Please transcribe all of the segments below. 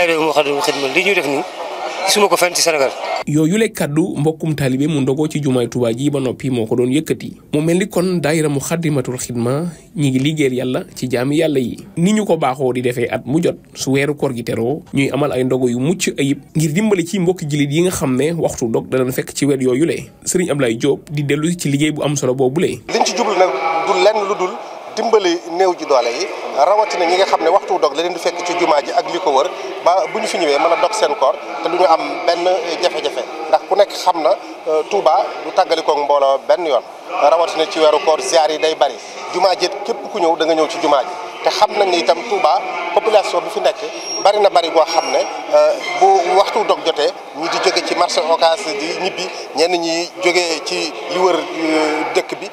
li ñu def ko fenn ci Sénégal. yooyu le kaddu mbokkum taalibe mu ndogoo ci jumaay Tuubaa ji ba noppi moo ko doon yëkkati. mu mel ni kon daayira mu xaddimatul xidma ñi ngi liggéey yàlla ci jaami yàlla yi. ni ñu ko baaxoo di defee at mu jot su weeru koor gi teroo ñuy amal ay ndogo yu mucc ayib ngir dimbali ci mbokki jilit yi nga xam ne waxtu dog danañ fekk ci wet yooyu le sëriñ Ablaye Diop di dellu ci liggéey bu am solo boobule. liñ ci jublu nag du lenn lu dul. dimbali néew ji doole yi rawatina ñi nga xam ne waxtu dog leneen leen di fekk ci jumaa ji ak li ko wër ba bu ñu fi ñëwee mën a dog seen koor te du ñu am benn jafe-jafe ndax ku nekk xam na euh, Touba du tàggalikoog mbooloo benn yoon rawatina ci weeru koor ziar yi day bari jumaa ji képp ku ñëw da nga ñëw ci jumaa ji te xam nañ ni itam Touba population bi fi nekk bari na bari goo xam ne euh, bu waxtu dog jotee ñi di marché Ocass di ñibbi ñenn ñi jógee ci li wër euh, dëkk bi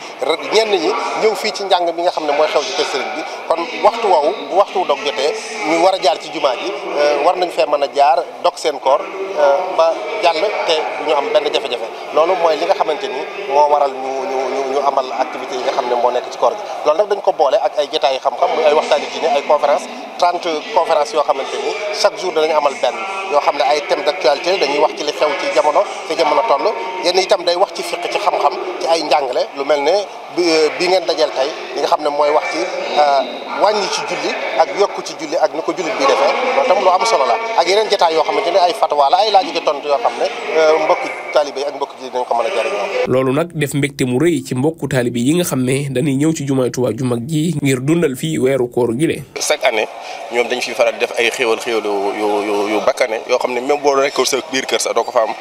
ñenn ñi ñëw fii ci njàng mi nga xam ne mooy xew ci te sëriñ bi kon waxtu woowu bu waxtu dog jotee ñu war a jaar ci jumaa ji euh, war nañ fee mën a jaar dog seen koor euh, ba jàll te ñu am benn jafe-jafe loolu mooy li nga xamante ni moo waral ñu ñu ñu amal activité yi nga xam ne moo nekk ci koor gi loolu nag dañ ko boole ak ay jotaay xam-xam muy ay waxtaani diine ay conférence trente conférences yoo xamante ni chaque jour danañu amal benn yoo xam ne ay thèmes d'actualité dañuy wax ci li xew ci jamono fi jamono toll yenn itam day wax ci fiq ci xam-xam ci ay njàngale lu mel ne bi euh, ngeen dajeel tey li nga xam ne mooy wax ci euh, wàññi ci julli ak yokku ci julli ak ni ko jullit bi defee loolu tam lu am solo la ak yeneen jotaay yoo xamante ne ay fatwa la ay laaj yu tontu yoo xam ne euh, mbokk taalibe yi ak mbokk ji dañ ko mën a jariñoo loolu nag def mbégte mu rëy ci mbokku taalibe yi nga xam ne dañuy ñëw ci jumaay Tuubaa ji ngir dundal fii weeru koor gi le chaque année ñoom dañ fi faral def ay xéwal xéwal yu yu yu bakkane yoo xam ne même boo nekkul sa biir kër sa doo ko fa am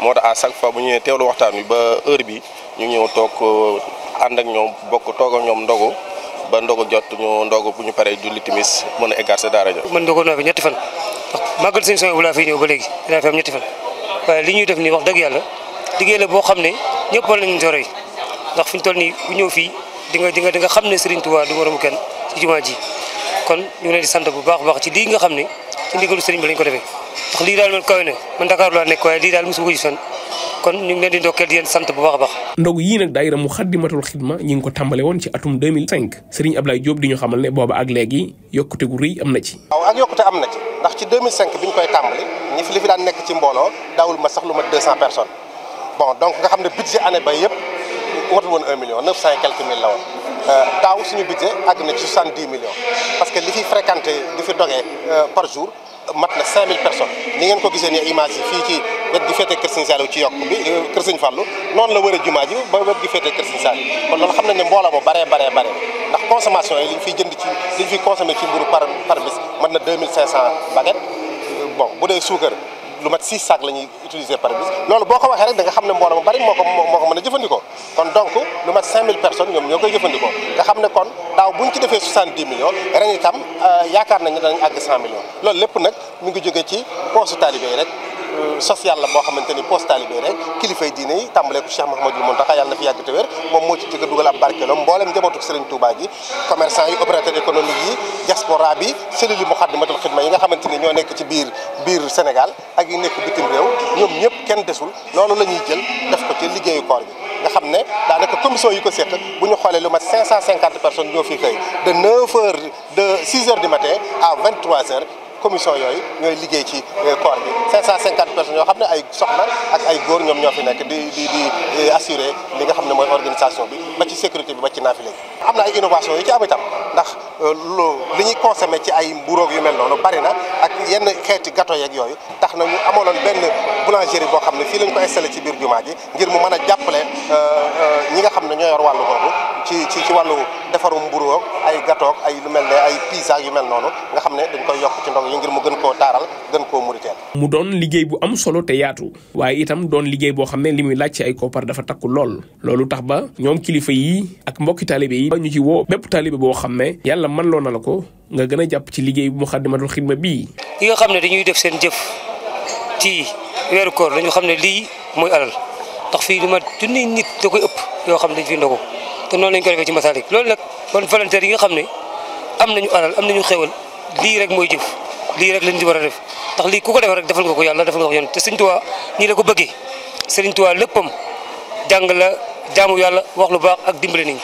moo tax à chaque fois bu ñëwee teewlu waxtaan wi ba heure bi ñu ñëw toog euh, ànd ak ñoom bokk toog ak ñoom ndogu ba ndogu jot ñu ndogu bu ñu paree julli timis mën a eggaat sa daara jot. man ndogu naa fi ñetti fan ndax màggal seen sooy bu laa ñëw ba léegi dinaa waaye li ñuy def nii wax dëgg yàlla liggéey la boo xam ne ñëpp war nañu soroy ndax fi ñu toll nii bu ñëw fii di nga di nga di nga xam ne Serigne Touba du moromu kenn ci jumaa ji kon ñu ngi leen di sant bu baax baax ci lii nga xam ne ci ndigalu Serigne bi lañ ko defee ndax lii daal man kawe man Dakar laa nekk lii daal mosu ko gis kon ñu ngi leen di ndokkeel di leen sant bu baax a baax ndogu yii nag daayira mu xaddimatul xidma ñi ngi ko tàmbale woon ci atum 2005 Serigne Ablaye Diop di ñu xamal ne booba ak léegi yokkute gu rëy am na ci waaw ak yokkute am na ci ndax ci bi ñu koy tàmbali ñi fi daan nekk ci mbooloo daawul ma sax lu personnes bon donc nga xam ne budget année ba yëpp watul woon 1 million 900 la woon euh, daaw suñu budget àgg na ci 70 millions parce que li fi fréquenté li fi dogee euh, ko gisee wet di fété kër seigne Saliou ci yok bi euh, kër seigne Fallou non la wër a jumaa ji ba wet gi féetee kër seigne Saliou kon loolu xam nañ mbolo mbooloo mu baree baree bare ndax consommation yi liñ fiy jënd ci liñ fiy consommer ci mburu par par bis mën na 2500 baguettes euh, bon bu dee sucre lu mat 6 sacs lañuy utiliser par bis loolu boko waxe rek da nga xam mbolo mbooloo mu bari moko ko moo ko kon donc lu mat 5000 personnes ñom ñoo jëfëndiko jëfandikoo nga xam kon daw buñ ci défé 70 millions ren itam euh, yaakar nañu dañu ag 100 millions loolu lépp nak mi ngi joggé ci poosu talibé rek. Euh, social la boo xamante ni poste talibé rek kilifay diine yi tàmbalee ko Cheikh Mouhamadou Mountakha yàlla na fi yàgg te wér moom moo ci jëkk a dugal ab barkeelam mboolem njabootu Serigne Touba gi commerçant yi opérateur économique yi diaspora bi cellule Moukhaddamatoul Khidma yi nga xamante ñoo nekk ci biir biir Sénégal ak yi nekk bitim réew ñoom ñëpp kenn desul noonu la ñuy jël def ko ci liggéeyu koor bi nga xam ne daanaka commission yi ko seq bu ñu xoolee lu mat 550 personnes commission yooyu ñooy liggéey ci euh, corps bi 550 personnes yoo xam ne ay soxna ak ay góor ñoom ñoo fi nekk di di di assurer li nga xam ne mooy organisation bi ba ci sécurité bi ba ci naafile gi am na ay innovation yu ci am itam ndax euh, loo li ñuy consommé ci ay mburoog yu mel noonu bari na ak yenn xeeti gato yeeg yooyu tax na ñu amaloon benn boulangerie boo xam ne fii lañ ko installé ci biir jumaa ji ngir mu mën a jàppale euh, ñi nga xam ne ñoo yor wàllu boobu ci ci ci wàllu defaru mburoog ay gâteau ay lu mel ne ay pizza yu mel noonu nga xam ne dañ koy yokk ci ndog yi ngir mu gën koo taaral gën koo muriteel mu doon liggéey bu am solo te yaatu waaye itam doon liggéey boo xam ne li muy laaj ci ay koppar dafa takku lool loolu tax ba ñoom kilifa yi ak mbokki taalibe yi ñu ci woo bépp taalibe boo xam na la ko nga a jàpp ci liggéey bu Moukhaddamatoul Khidma bii yi nga xam ne dañuy def seen jëf ci weeru koor dañu xam lii mooy alal ndax fii lu ma junni nit da koy ëpp yoo xam ne dañ alal am nañu xewal lii rek mooy jëf lii rek lañ ci a def ndax lii ku ko def rek nga ko yàlla defal nga ko yoon te sëñ la ko bëggee sëriñ Tuubaa léppam jàng la jaamu yàlla wax lu baax ak dimbale nit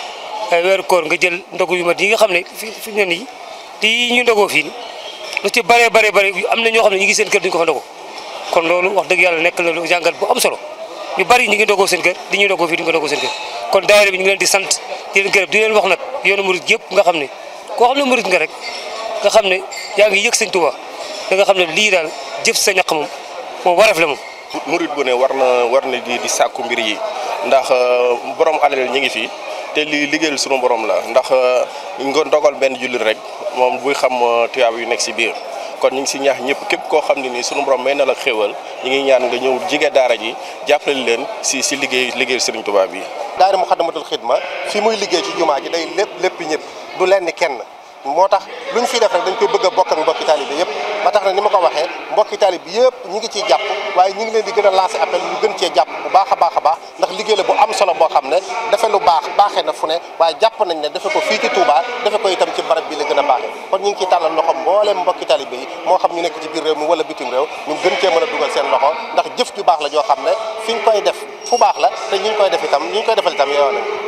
ay weeru koor nga jël ndogu yu mat yi nga xam ne fi fi ne nii lii ñu ndogoo fii lu ci bare bare bare na ñoo xam ne ñu ngi seen kër duñ ko fa ndogu kon loolu wax dëgg yàlla nekk la lu jàngal bu am solo ñu bari ñu ngi ndogoo seen kër di ñuy ndogoo fii duñ ko ndogoo seen kër kon daayira bi ñu ngi leen di sant di leen gërëm wax nag yoonu murid yëpp nga xam ne koo xam ne murid nga rek nga xam ne yaa ngi yëg sëñ Tuubaa da nga xam ne lii daal jëf sa ñaq moom moom bu ne war na war na di di sàkku mbir yi ndax uh, borom alal ñi ngi fi te li liggéeyal sunu borom la ndax uh, nga ndogal benn jullit rek moom buy xam uh, tuyaab yu nekk si biir kon ñu ngi si ñaax ñëpp képp koo xam ne nii sunu borom may na la xéewal ñu ngi ñaan nga ñëw jige daara ji jàppale leen si si liggéey liggéeyal Sëriñ Tuubaa bi daara Muxaddamatul Xidma fi muy liggéey ci jumaa ji day lépp lépp ñëpp du lenn kenn moo tax lu ñu fi def rek dañ koy bëgg a bokk ak mbokki taalibe yëpp ba tax na ni ma ko waxee mbokki taalibe yëpp ñi ngi ciy jàpp waaye ñu ngi leen di gën a lancer appel ñu gën cee jàpp bu baax a baax a baax ndax liggéey la bu am solo boo xam ne defe lu baax baaxee na fu ne waaye jàpp nañ ne defe ko fii ci Touba defe ko itam ci barab bi la gën a baaxee kon ñu ngi ciy tàllal loxo mbooleem mbokki taalibe yi moo xam ñu nekk ci biir réew mi wala bitim réew gën cee a dugal seen ndax jëf ju la joo xam ne fi ñu koy def fu baax la ñu ngi koy def itam ñu ngi koy defal itam yoo